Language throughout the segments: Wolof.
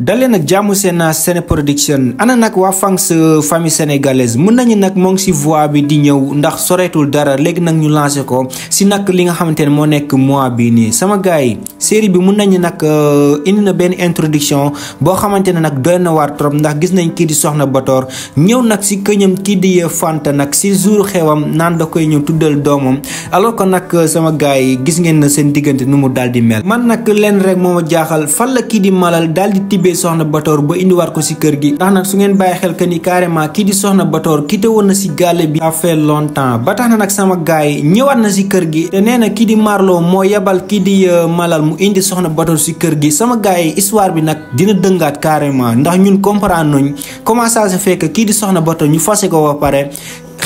dalee nag jàmm seen a Sene Production ana nag waa fans famille sénégalaise mun nañu nag moo ngi si voie bi di ñëw ndax soreetul dara léegi nag ñu lancé ko si nag li nga xamante ne moo nekk mois bi nii sama gars yi série bi mën nañu nak euh, indi na ben introduction bo xamantene nak nag doy na waar trop ndax gis nañ ki di soxna bator ñew nak si këñam ki di fanta nak si jour xewam nan da koy ñew tuddel doomam alors que nak euh, sama gaay gis ngeen na seen digënté numu mu di mel man nak len rek moma jaaxal fan la ki di malal dal di tibbee soxna bator ba war ko ci kër gi tax nak su ngeen baye xel ke ni carrément ki di soxna ki te won na si galé bi a fait longtemps ba tax na sama gaay ñewat na si kër gi te neena ki di marlo mo yabal ki di euh, malal mu indi soxna Bator si kër gi sama gars yi histoire bi nag dina dëngaat carrément ndax ñun comprendre nañ comment ça se kii di soxna Bator ñu fase ko ba pare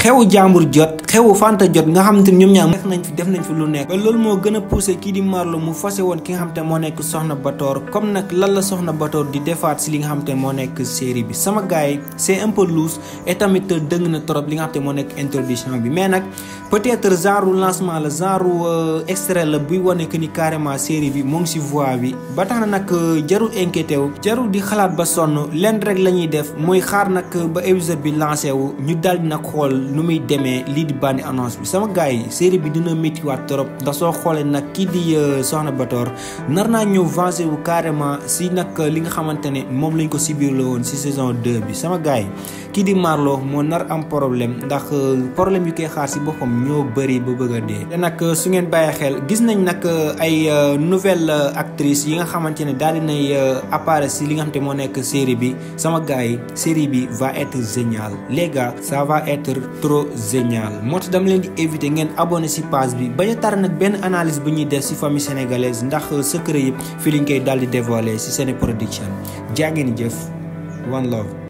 xewu jàmbur jot xewu fanta jot nga xam te ñoom ñaar def nañ fi def nañ fi lu nekk loolu moo gën a poussé kii di Marlo mu fase woon ki nga xam te moo nekk Soxna Batoor comme nag lan la Soxna Batoor di defaat si li nga xam te moo nekk série bi sama gars yi c'est un tamit dëng na trop li nga xam moo nekk introduction bi mais nag peut-être genre lancement la genre euh, extrait la buy wane que ni carrément série bi mu si voie bi ba nag euh, jarul inquiété wu jarul di xalaat ba sonn lenn rek la ñuy def mooy xaar nag ba épisode bi lancé wu ñu daal di nag xool nu muy demee lii di bandi annonce bi sama gars yi série bi dina méttiwaat trop ndax soo xoolee nag kii di euh, Soxna Batoor nar naa ñëw venger wu carrément si nag euh, li nga xamante ne moom lañ ko sibir la woon si saison 2 bi sama gars yi kii di Marlo moo nar am problème ndax euh, problème yu koy xaar si boppam ñoo bëri ba bëgga a dee te nag su ngeen bàyyi xel gis nañ nag ay nouvelle actrice yi nga xamante ne daal dinay apparaître si li nga xamante moo nekk série bi sama yi série bi va trop génial moo tax dama leen di éviter ngeen abonné si page bi bañ a tar nag benn analyse bu ñuy def si famille sénégalaise ndax secret yëpp fii liñ koy daal di dévoiler si seen production jaa ngeen jëf one love.